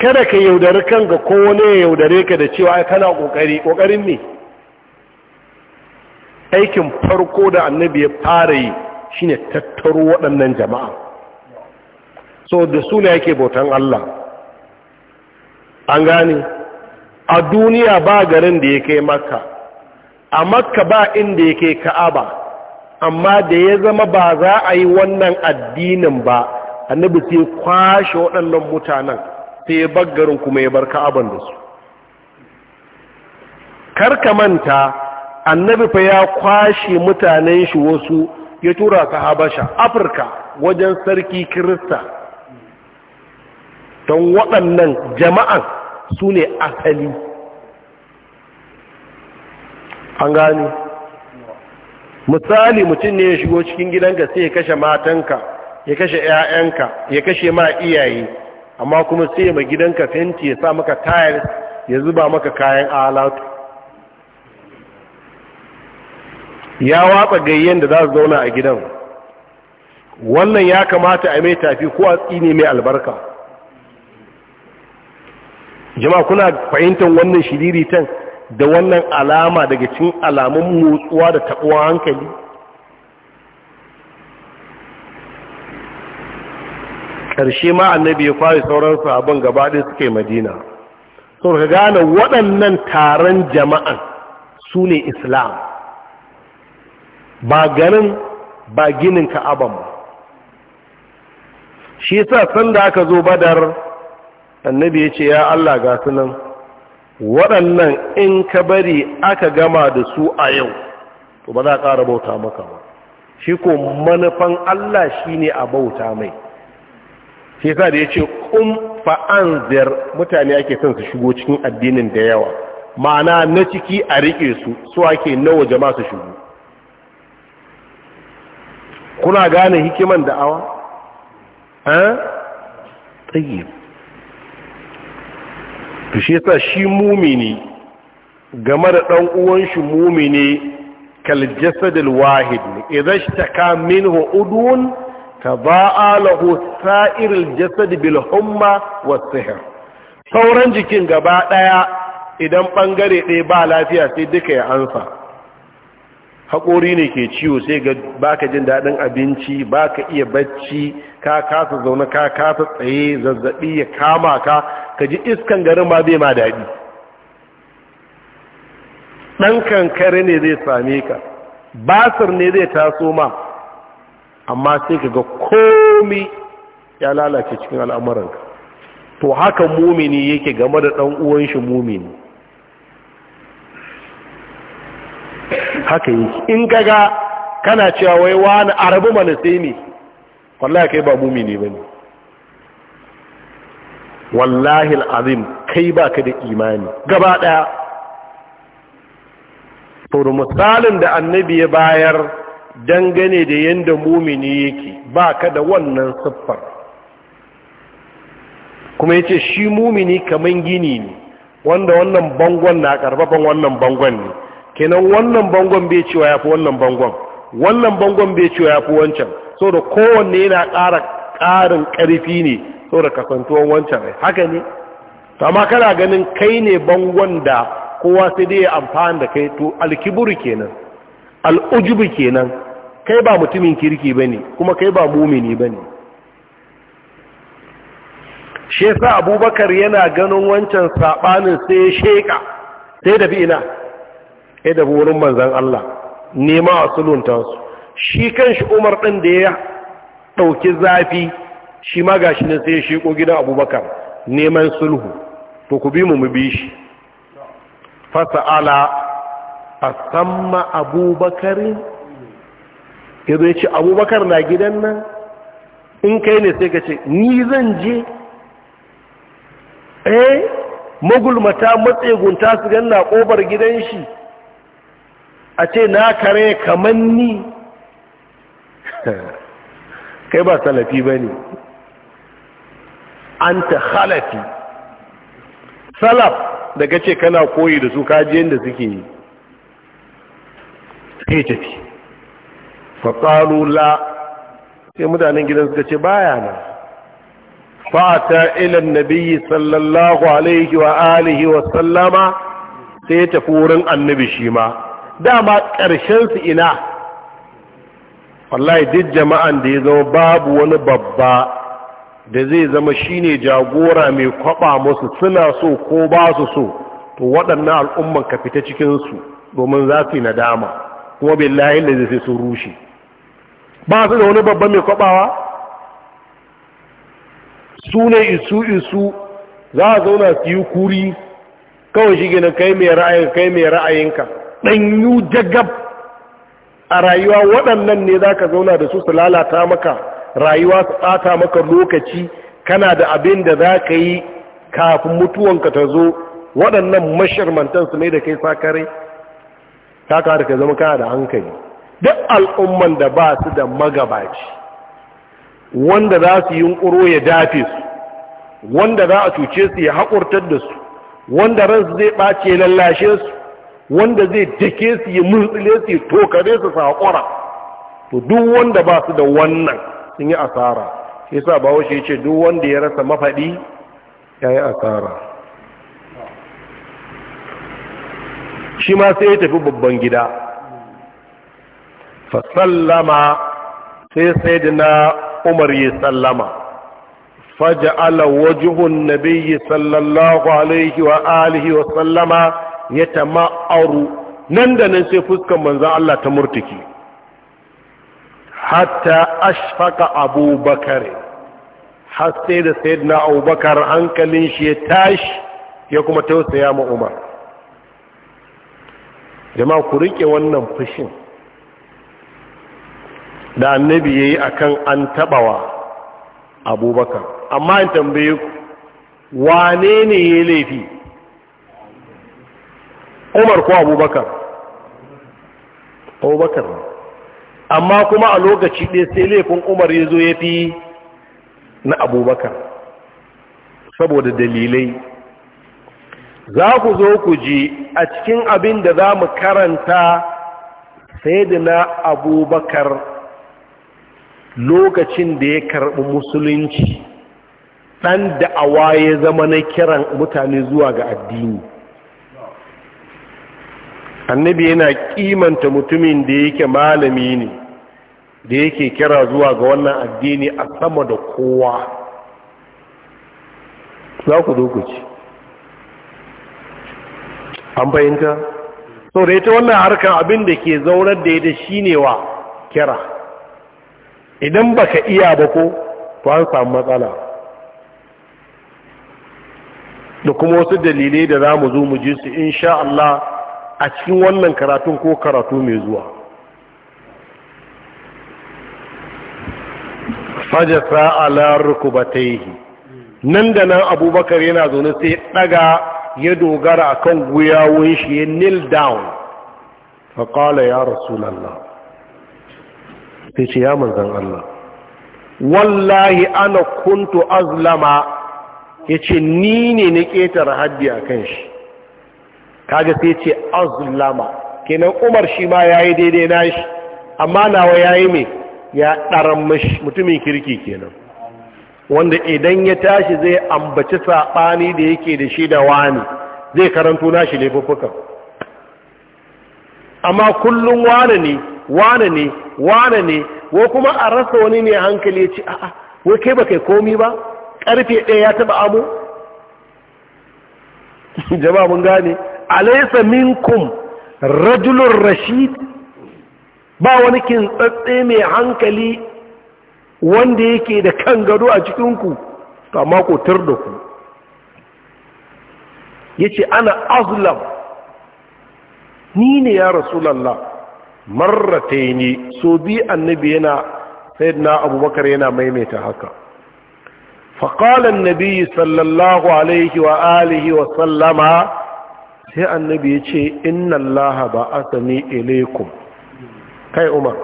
kada ka yaudari kanka ko wani ya yaudare ka da cewa kana kokari kokarin ne aikin farko da annabi ya fara yi shine tattaro waɗannan jama'a so da su ne yake bautan Allah an gane a duniya ba garin da ya kai maka a makka ba inda yake ka'aba amma da ya zama ba za a yi wannan addinin ba annabi sai kwashe waɗannan mutanen sai ya baggarin kuma ya bar ka'aban da su karkamanta manta annabi fa ya kwashe mutanen shi wasu ya tura ka habasha afirka wajen sarki kirista don waɗannan jama'an su ne asali an gane misali mutum ne ya shigo cikin gidanka sai ya kashe matanka ya kashe 'ya'yanka ya kashe ma iyaye amma kuma sai ya ma gidanka fenti ya sa maka tayar ya zuba maka kayan alatu ya watsa gayyen da za su zauna a gidan wannan ya kamata a mai tafi ko a tsini mai albarka jama'a kuna fahimtar wannan shiriri shiriritan da wannan alama daga cin alamun motsuwa da taɓuwa hankali ƙarshe ma annabi ya fara sauran sabon gabaɗe suke madina sau ka gane waɗannan taron jama'an su ne islam ba ganin ba ginin ka'aban ba shi sa sanda aka zo badar annabi ya ce ya allah ga sunan waɗannan in ka bari aka gama da su a yau to ba za a ƙara bauta maka ba shi ko manufan Allah shi ne a bauta mai shi sa da ya ce ƙun ziyar mutane ake son su shigo cikin addinin da yawa ma'ana na ciki a riƙe su su ake nawa jama su shigo kuna gane hikiman da ha? Eh? tsayyar to shi yasa shi mumini game da dan uwan shi mumini kal jasadil wahid idza ishtaka minhu udun taba'a lahu sa'iril jasad bil humma was sihr sauran jikin gaba ɗaya idan ɓangare ɗaya ba lafiya sai duka ya ansa haƙori ne ke ciwo sai ga baka jin daɗin abinci baka iya bacci ka kasa zaune ka kasa tsaye zazzaɓi ya kama ka ka ji iskan garin ma bai ma daɗi ɗan kankare ne zai same ka basir ne zai taso ma amma sai ka ga komi ya lalace cikin al'amuranka to haka mumini yake game da ɗan uwan shi mumini haka yi in kaga kana cewa wai wani arabu mana ne wallahi kai ba mumi ne bane wallahi al'azim kai baka da imani gaba daya to misalin da annabi ya bayar dangane da yanda mumini yake baka da wannan siffar kuma yace shi mumini kaman gini ne wanda wannan bangon na karfafan wannan bangon ne kenan wannan bangon bai cewa ya fi wannan bangon wannan bangon bai cewa ya fi wancan saboda kowanne yana ƙara ƙarin ƙarfi ne saboda kasantuwan wancan haka ne amma kana ganin kai ne bangon da kowa sai dai amfani da kai to alkiburu kenan al'ujubu kenan kai ba mutumin kirki ba ne kuma kai ba mumini bane shi yasa abubakar yana ganin wancan sabanin sai ya sheka sai da bi ina ya dafi wurin manzan Allah nema a shi su shi umar ɗin da ya ɗauki zafi shi ma gashi ne sai ya ko gidan abubakar neman sulhu to ku bi mu mu bi shi fasa'ala a samma abubakarin ya zai ce abubakar na gidan nan in kai ne sai ka ce ni zan je eh magulmata matsegunta su ganna ƙobar gidan shi a ce na kare kamar ni kai ba salafi ba ne an ta halafi salaf da ka ce kana koyi da su kajiyar da suke yi suke tafi la sai mutanen gidan suka ce baya nan fata ilan nabiyyi sallallahu alaihi wa alihi wa sallama sai ya tafi wurin annabi shi ma dama ƙarshensu ina wallahi duk jama'an da ya zama babu wani babba da zai zama shine jagora mai kwaba musu suna so ko ba su so to waɗannan al'umman ka fita cikinsu domin za su yi nadama kuma layin da zai sun rushe ba su da wani babba mai kwabawa su ne isu isu za a zauna su yi kuri kawai shi gina kai mai ra'ayinka ɗanyu jagab a rayuwa waɗannan ne za ka zauna da su su lalata maka rayuwa su ɓata maka lokaci kana da abin da za ka yi kafin mutuwanka ta zo waɗannan mashirmantan su ne da kai sakare ta da ka zama kana da hankali duk al'umman da ba su da magabaci wanda za su yi ya dafe su wanda za a cuce su ya haƙurtar da su wanda ransu zai ɓace lallashe su wanda zai take su yi murtsile su tokare su saƙora to duk wanda ba su da wannan sun yi asara shi sa ba ce duk wanda ya rasa mafaɗi ya yi asara shi ma sai ya tafi babban gida sallama sai sai da na umar yi sallama ala wajihun nabiyyi sallallahu alaihi wa alihi wa sallama ya tama'aru nan da nan sai fuskan manzan Allah ta murtuki hatta ashfaka Abu har sai da sayyidina abubakar hankalin shi ya tashi ya kuma tausaya ma umar jama'a ku rike wannan fushin da annabi yayi akan an tabawa abubakar amma in tambaye ku wane ne ya laifi umar ko abubakar abubakar ne. amma kuma a lokaci ɗaya sai laifin umar ya zo ya fi na abubakar saboda dalilai za ku zo ku ji a cikin abin da za mu karanta sai da na abubakar lokacin da ya karɓi musulunci ɗan da awa ya zama na kiran mutane zuwa ga addini annabi yana kimanta mutumin da yake malami ne da yake kira zuwa ga wannan addini a sama da kowa za ku dokoci an fahimta sau da ita wannan harkar abin da ke zaunar da ita shine wa kira idan baka iya ba ko to an samu matsala da kuma wasu dalilai da za mu zo mu ji su insha Allah a cikin wannan karatun ko karatu mai zuwa fajasa ta yi, nan da nan abubakar yana zaune sai daga ya dogara akan guyawun shi ya kneel down faƙala ya lalla, sai ce ya manzan Allah wallahi ana kuntu azlama ya ce ni ne na ƙetare haddi a kan shi kaga sai ce azulama kenan umar shi ma yayi daidai nashi amma nawa yayi me ya daran mutumin kirki kenan wanda idan ya tashi zai ambaci saɓani da yake da shi da wani zai karanto nashi laifuffukan amma kullum wani ne wani ne wani ne ko kuma a rasa wani ne hankali ya ci a'a wai kai ba kai komi ba karfe ɗaya ya taɓa amu jama'a mun gane alaysa minkum rajulun rashid ba wani kintsatse mai hankali wanda yake da kan gado a cikinku ta makotar da ku ya ce ana azlam ni ne ya rasulallah marrata ne so bi annabi yana sai na abubakar yana maimaita haka faƙalan nabi sallallahu alaihi wa alihi wa sallama sai annabi ya ce inna allaha ba asani ilaikum kai umar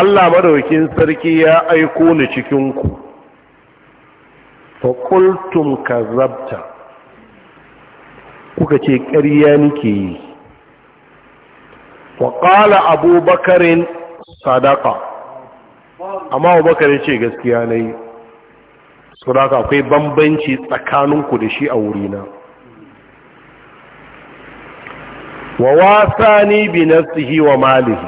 allah madaukin sarki ya aiko ni cikinku faƙultum kazabta kuka ce ƙarya nike yi faƙala abubakarin sadaka amma abubakarin ce gaskiya na yi sadaka akwai bambanci tsakaninku da shi a wurina wa wasani bi nafsihi wa malihi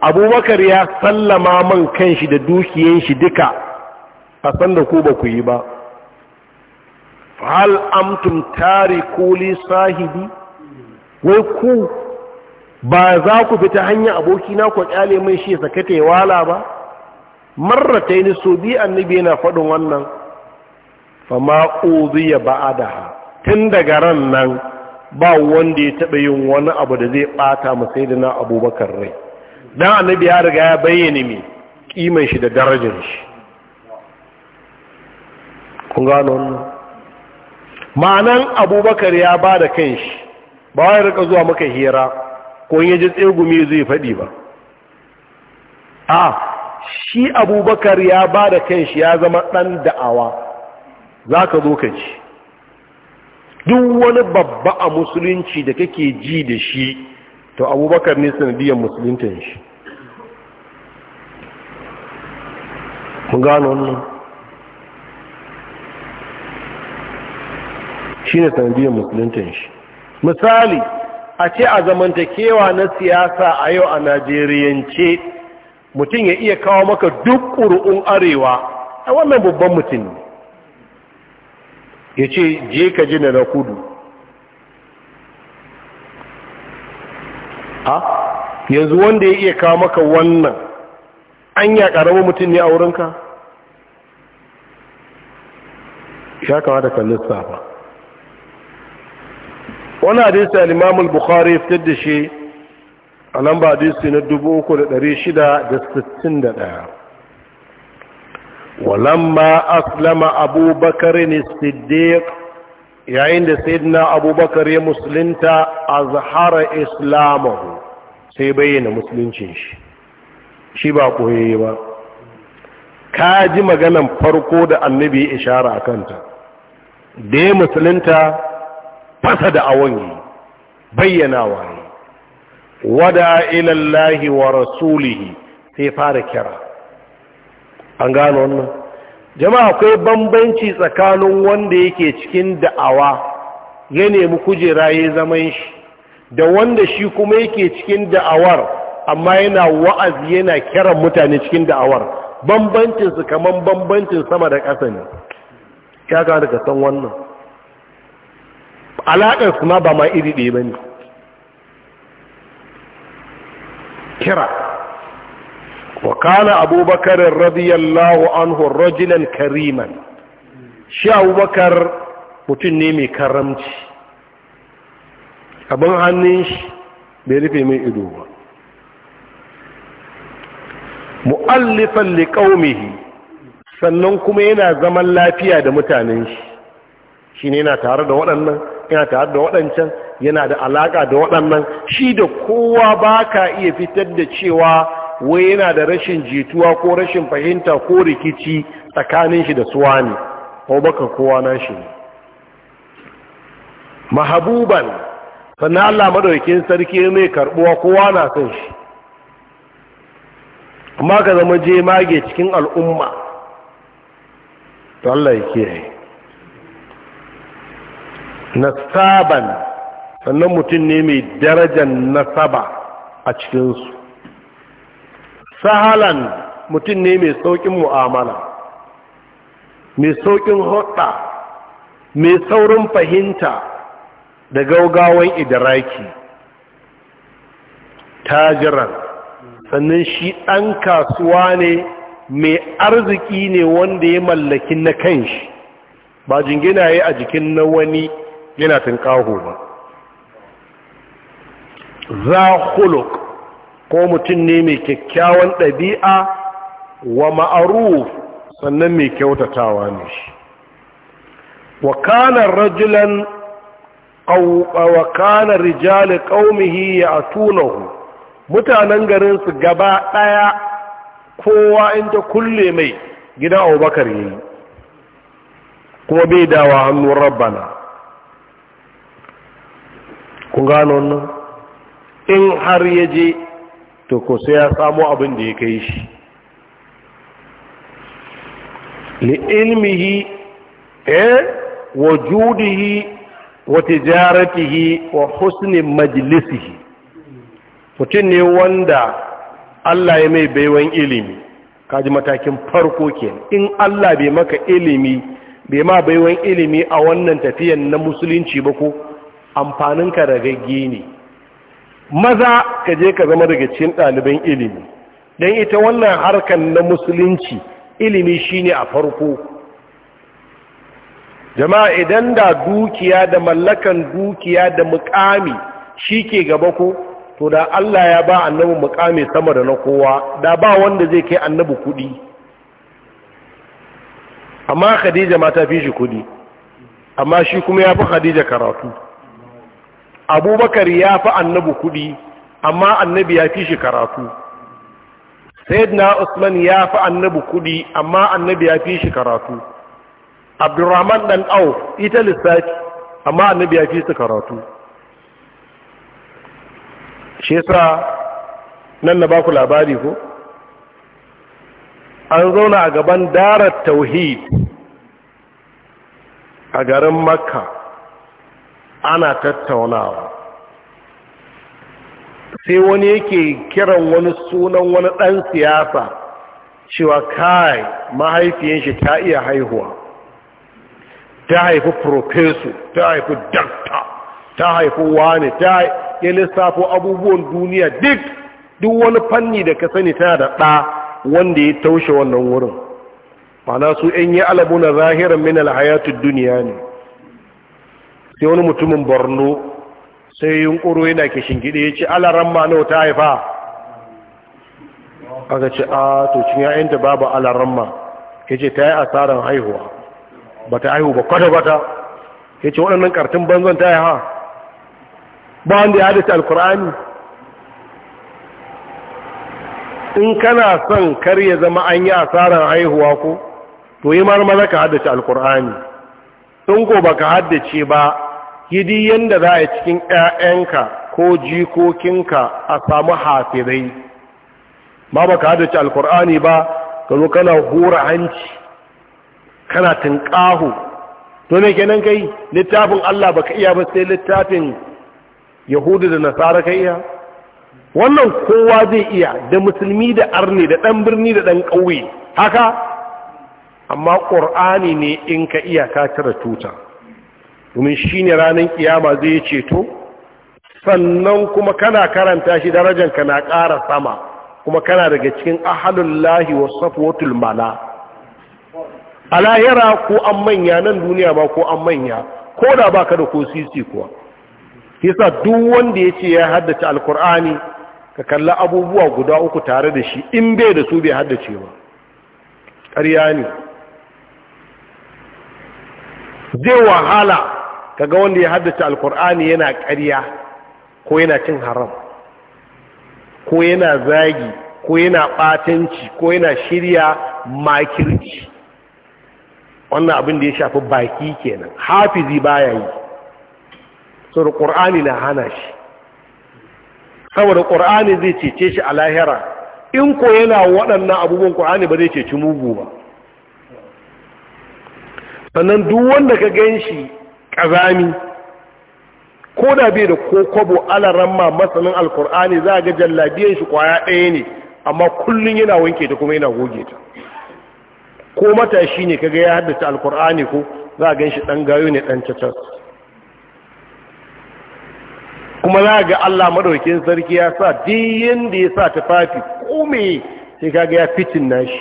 abubakar ya sallama man kanshi da dukiyan shi duka a san da ku ba ku yi ba hal amtum tariku li sahibi wai ku ba za ku fita hanya aboki na ku kyale mai shi sakata ya wala ba marrataini so bi annabi yana faɗin wannan fama uziya ba'adaha tun daga ran nan ba wanda ya taɓa yin wani abu da zai ɓata masai da na abubakar rai don annabi ya riga ya bayyana mai ƙiman shi da darajar shi kun gano wannan ma'anan abubakar ya ba da kan shi ba wa ya rika zuwa maka hira ko ya ji tsegumi zai faɗi ba a shi abubakar ya ba da kan shi ya zama ɗan da'awa za ka zo ka ci duk wani babba a musulunci da kake ji da shi to abubakar ne sanadiyar musuluntan shi mun gano wannan shi ne sanadiyar musuluntan shi misali a ce a zamantakewa na siyasa a yau a najeriyance mutum ya iya kawo maka duk ƙuru'un arewa a wannan babban mutum ne ya ce je ka ji na kudu a yanzu wanda ya iya kawo maka wannan an ya ƙaramin mutum ne a wurinka ya kama da kallon safa wani hadisi alimamul bukhari fitar da shi a lamba hadisi na 3661 walamma aslama abubakar ne siddiq yayin da sayyidina abubakar ya musulunta azhara islamahu sai bayyana musuluncin shi shi ba koyaye ba ka ji maganan farko da annabi ya ishara a kanta da ya musulunta fasa da awon yi bayyanawa ne wada ilallahi wa rasulihi sai fara kira an gano wannan jama'a akwai bambanci tsakanin wanda yake cikin da'awa ya nemi kujera ya zaman shi da wanda shi kuma yake cikin da'awar amma yana wa'azi yana kiran mutane cikin da'awar bambancinsu kamar bambancin sama da ƙasa ne ya gane ka san wannan alaƙarsu ma ba ma iri ɗaya ba ne kira wa kana abubakar radiyallahu anhu rajulan kariman shi abubakar mutum ne mai karamci abin hannun shi bai rufe mai ido ba mu'allifan liƙaumihi sannan kuma yana zaman lafiya da mutanen shi shi ne yana tare da waɗannan yana tare da waɗancan yana da alaƙa da waɗannan shi da kowa baka iya fitar da cewa wai yana da rashin jituwa ko rashin fahimta ko rikici tsakanin shi da suwa ne baka kowa na shi ne mahabuban sannan allah madaukin sarki mai karbuwa kowa na son shi amma ka zama je mage cikin al'umma to allah ya kiyaye nasaban sannan mutum ne mai darajar nasaba a cikinsu sahalan mutum ne mai saukin mu'amala mai saukin hudda mai saurin fahimta da gaugawan idaraki tajiran sannan shi ɗan kasuwa ne mai arziki ne wanda ya mallaki na kan shi. ba jingina ya a jikin na wani yana tunkaho ba za huluk ko mutum ne mai kyakkyawan ɗabi'a wa ma'aruf sannan mai kyautatawa ne shi wa kanar rajulan wa kanar rijali qaumihi mutanen garinsu gaba ɗaya kowa in ta kulle mai gida Abubakar yayi kuma bai dawa hannun rabbana kun gano nan in har ya je. to ko sai ya samo abin da ya kai shi li'ilmihi eh wa wa tijaratihi wa husni majlisihi mutum ne wanda Allah ya mai baiwan ilimi kaji matakin farko ke in Allah bai maka ilimi bai ma baiwan ilimi a wannan tafiyan na musulunci ba ko amfaninka ragagge ne maza ka je ka zama daga cikin ɗaliban ilimi don ita wannan harkar na musulunci ilimi shine a farko jama'a idan da dukiya da mallakan dukiya da mukami shi ke gaba ko to da Allah ya ba annabi mukami sama da na kowa da ba wanda zai kai annabi kudi amma khadija ma ta fi shi kudi amma shi kuma ya fi khadija karatu abubakar ya fi annabi kuɗi amma annabi ya fi shi karatu sayyidina usman ya fi annabi kuɗi amma annabi ya fi shi karatu abdurrahman dan au ita lissafi amma annabi ya fi su karatu shi yasa nan na baku labari ko an zauna a gaban darar tauhid a garin makka ana tattaunawa sai wani yake kiran wani sunan wani ɗan siyasa cewa kai mahaifiyan shi ta iya haihuwa ta haifi profeso ta haifi dakta ta haifi wane ta yi lissafo abubuwan duniya duk duk wani fanni da ka sani tana da ɗa wanda ya taushe wannan wurin na su ‘yan yi alabuna zahirar min alhayatun duniya ne sai wani mutumin borno sai yunkuru yana ke shingide ya ce alaran ma nawa ta haifa aka ce a to cin ya'yanta babu alaran ma ya ce ta yi asarar haihuwa ba ta haihu ba kwata-kwata ya ce waɗannan ƙartun banzan ta yi ha ba wanda ya hadita alkur'ani in kana son kar ya zama an yi asarar haihuwa ko to yi marmara ka haddace alkur'ani in ko baka haddace ba yi di yanda za a cikin 'ya'yanka ko jikokinka a samu hafizai ba ba ka hadace alkur'ani ba ka zo kana hura hanci kana tunƙaho to ne kenan kai littafin Allah ba ka iya ba sai littafin yahudu da nasara ka iya wannan kowa zai iya da musulmi da arne da ɗan birni da ɗan ƙauye haka amma ƙur'ani ne in ka iya ka cire tuta domin shi ne ranar kiyama zai ceto sannan kuma kana karanta shi darajanka na ƙara sama kuma kana daga cikin ahalullahi wa safwatul mala a lahira ko an manya nan duniya ba ko an manya ko da ba ka da ko sisi kuwa yasa duk wanda ya ce ya haddace alkur'ani ka kalla abubuwa guda uku tare da shi in bai da su bai haddace ba ƙarya ne zai wahala kaga wanda ya haddace alkur'ani yana ƙarya ko yana cin haram ko yana zagi ko yana ɓatanci ko yana shirya makirci wannan abin da ya shafi baki kenan hafizi baya yi saboda ƙur'ani na hana shi saboda ƙur'ani zai cece shi a lahira in ko yana waɗannan abubuwan ƙur'ani ba zai ceci mugu ba sannan duk wanda ka gan shi ƙazami ko da bai da ko kwabo ramma masanin alkur'ani za a ga jallabiyan shi kwaya ɗaya ne amma kullum yana wanke ta kuma yana goge ta ko matashi ne kaga ya haddace alkur'ani ko za a gan shi ɗan gayo ne ɗan cacas kuma za a ga allah maɗaukin sarki ya sa diyin da ya sa tufafi kome sai kaga ya fitin nashi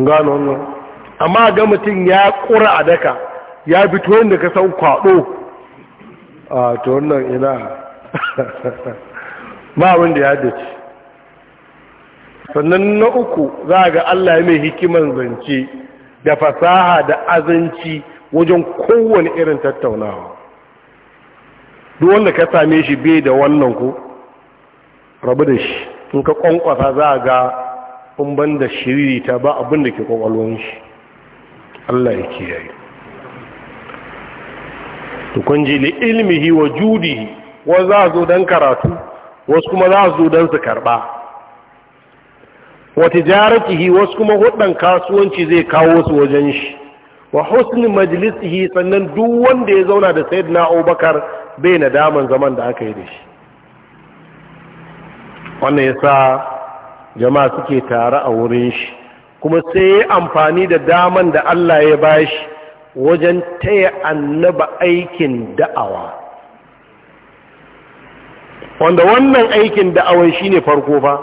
gano wannan amma ga mutum ya kura a daka ya fito yadda ka sau kwaɗo a tuwon nan ina ba wanda ya dace sannan na uku za a ga Allah mai hikiman zance da fasaha da azanci wajen kowane irin tattaunawa duk wanda ka same shi bai da wannan ku rabu da shi in ka kwankwasa za ga kun ban da shiriri ta ba abin da ke kwakwalwan shi Allah ya kiyaye to kun ji li ilmihi wa judi wa za zo dan karatu wasu kuma za zo dan su karba wa tijaratihi wasu kuma hudan kasuwanci zai kawo su wajen shi wa husni majlisihi sannan duk wanda ya zauna da sayyidina Abubakar bai nadaman zaman da aka yi da shi wannan yasa jama'a suke tare a wurin shi kuma sai ya amfani da daman da Allah ya bashi wajen taya annaba aikin da'awa wanda wannan aikin shi shine farko fa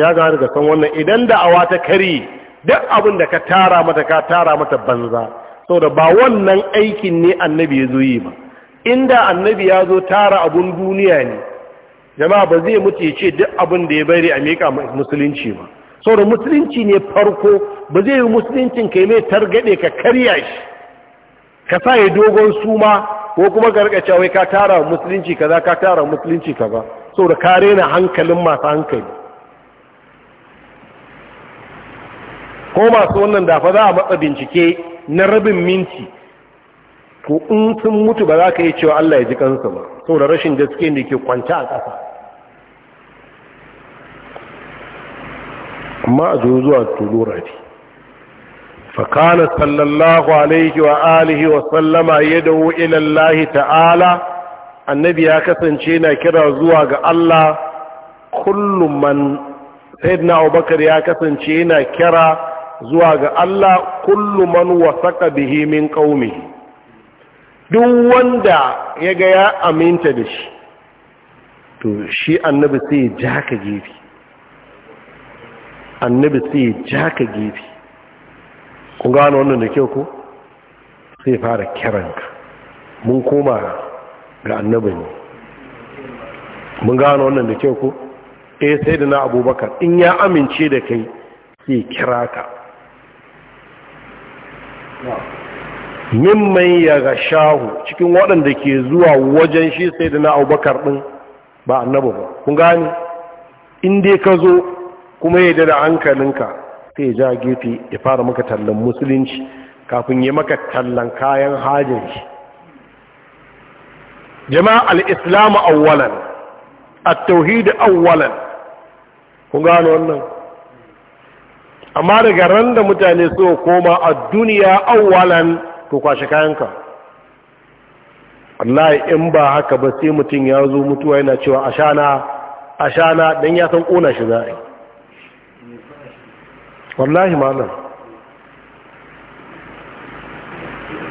ya ga daga san wannan idan da'awa ta karye, duk abin da ka tara mata ka tara mata banza saboda ba wannan aikin ne annabi ya zo yi ba inda annabi ya zo tara abin duniya ne jama'a ba zai mutu ya ce duk abin da ya bari a miƙa musulunci ba saboda musulunci ne farko ba zai yi musuluncin kai mai targaɗe ka karya shi ka sa ya dogon suma ko kuma gargacewa wai ka tara musulunci ka, za ka tara musulunci ka ba, saboda ka rena hankalin masu hankali ko masu wannan dafa za a matsa bincike na rabin minti ko in sun mutu ba za ka yi cewa Allah ya ji kansa ba saboda rashin gaske ne ke kwanta a ƙasa amma a zo zuwa tulu rafi fakana sallallahu alaihi wa alihi wa sallama ya dawo ilallahi ta'ala annabi ya kasance na kira zuwa ga Allah kullum man sayyidina abubakar ya kasance yana kira zuwa ga Allah kullum man wasaka bihi min qaumi duk wanda ya ga ya aminta da shi to shi annabi sai ya ja ka gefe annabi sai ja ka gefe kun gano wannan da kyau ko sai fara kiranka mun koma ga annabi ne mun gano wannan da kyau ko eh sai da na abubakar in ya amince da kai sai kira ka mimman ya ga shahu cikin waɗanda ke zuwa wajen shi sai da na abubakar ɗin ba annabu ba kun gani in dai ka zo kuma ya da hankalinka sai ja gefe ya fara maka tallan musulunci kafin ya maka tallan kayan hajji jama'a al-islamu awwalan at-tauhid awwalan ku gano wannan amma daga ran da mutane so koma a duniya awwalan to kwashe kayanka wallahi in ba haka ba sai mutum ya zo mutuwa yana cewa ashana ashana dan ya san kona shi za'a wallahi malam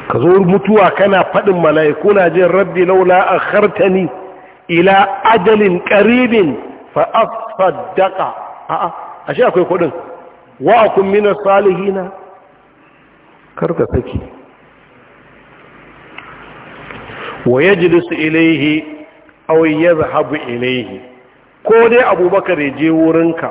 ka zo mutuwa kana faɗin mala'iku na jin rabbi laula a hartani ila ajalin ƙaribin fa'afaddaka a'a shi akwai kudin wa'akun mina salihina karka saki wa ya jilisu ilaihi awai ya zahabu ilaihi ko dai abubakar ya je wurinka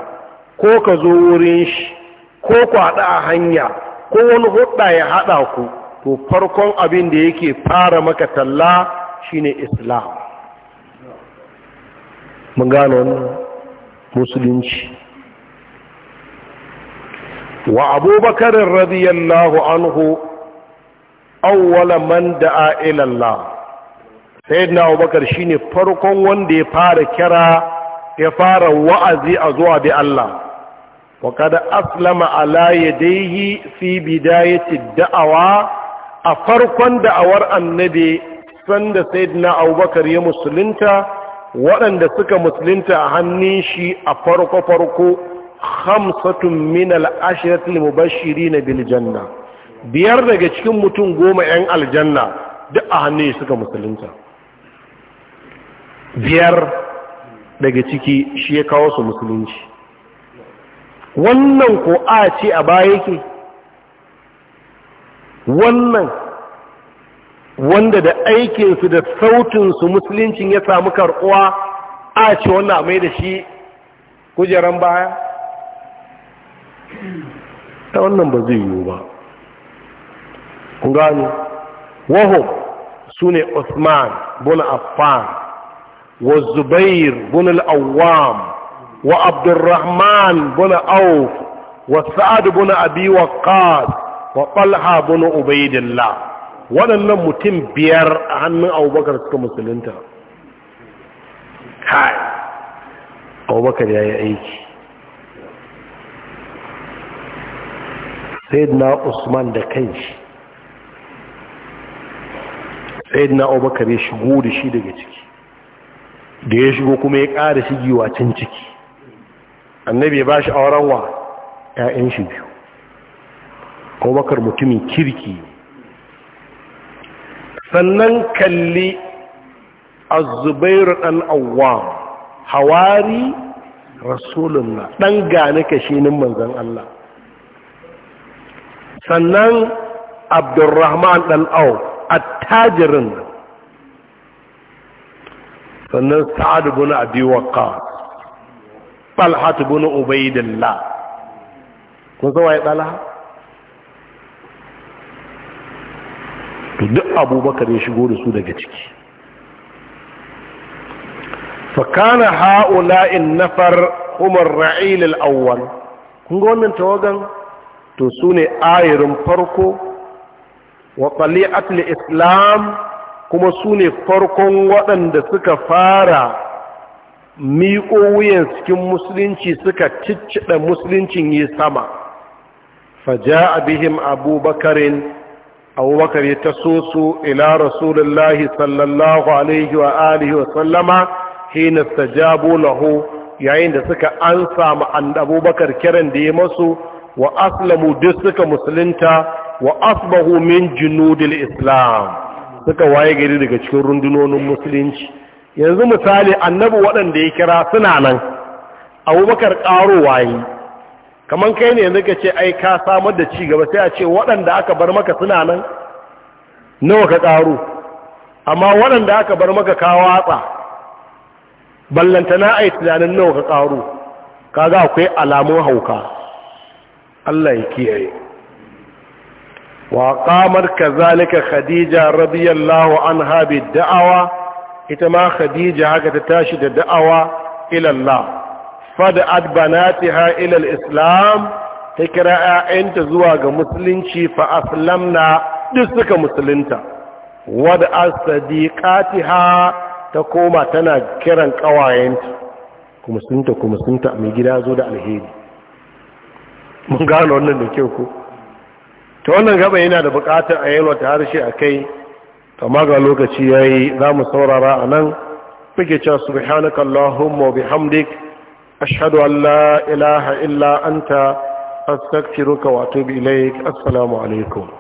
ko ka zo wurin shi ko ku haɗu a hanya ko wani hudda ya haɗa ku to farkon abin da yake fara maka talla shine islam mun gano wani musulunci wa abubakar radiyallahu anhu awwala man da'a ila Allah sayyidina abubakar shine farkon wanda ya fara kira ya fara wa'azi a zuwa bi Allah wa kada aslama ala yadayhi fi bidayati da'awa a farkon da'awar annabi sanda sayyidina abubakar ya musulunta waɗanda suka musulunta a hannun shi a farko farko khamsatun min al-ashrati al-mubashirin biyar daga cikin mutum goma yan aljanna duk a hannun suka musulunta biyar daga ciki shi ya kawo su musulunci wannan ko a ce a baya yake wannan wanda da aikinsu da sautinsu musuluncin ya samu karɓuwa a ce wannan mai da shi kujeran baya ta wannan ba zai yiwu ba kun gano waho su ne usman bun affan wa zubair bin al'awam وعبد الرحمن بن عوف وسعد بن أبي وقاص wa بن عبيد الله waɗannan mutum biyar a hannun abubakar suka musulunta kai abubakar ya yi aiki Sayyid na usman da kanshi Sayyid na abubakar ya shigo da shi daga ciki da ya shigo kuma ya ƙara shigiwa can ciki annabi ba shi auren wa ‘ya'yan shi biyu abubakar mutumin kirki sannan kalli azubairu ɗan awwam hawari rasulullah ɗan gane kashinin manzan Allah sannan abdurrahman ɗan au attajirin sannan sa'adu bin abi waqqas talha bin ubaidillah kun san waye talha to duk abubakar ya shigo da su daga ciki fakana in nafar umar ra'il al'awwal kun ga tawagan to su ne ayirin farko wa qali'atul islam kuma su ne farkon waɗanda suka fara miƙo wuyan cikin musulunci suka ciccida musuluncin yi sama faja abihim abubakarin abubakar ya taso su ila rasulullahi sallallahu alaihi wa alihi wa sallama hina stajabu lahu yayin da suka ansa ma abubakar kiran da ya masu wa aslamu duk suka musulunta wa asbahu min junudil islam suka waye gari daga cikin rundunonin musulunci yanzu misali annabi waɗanda ya kira suna nan abubakar ƙarowa yi kamar kai ne yanzu ka ce ai ka samar da cigaba sai a ce waɗanda aka bar maka suna nan nawa ka ƙaro amma waɗanda aka bar maka ka watsa ballantana ai tunanin nawa ka ƙaro kaga akwai alamun hauka Allah ya kiyaye wa qamar kazalika khadija radiyallahu anha bid da'awa ita ma khadija haka ta tashi da da'awa ilallah fada'at banatiha ilal islam ta kira 'ya'yanta zuwa ga musulunci fa aslamna duk suka musulunta wadda asadiqatiha ta koma tana kiran ƙawayenta kuma sunta kuma sunta mai gida zo da alheri mun gano wannan da kyau ko ta wannan gaba yana da bukatar a wata harshe a kai kama ga lokaci ya yi za mu saurara a nan muke cewa subhanaka allahumma bihamdik ashhadu an la ilaha illa anta astaghfiruka wa atubu ilaik assalamu alaikum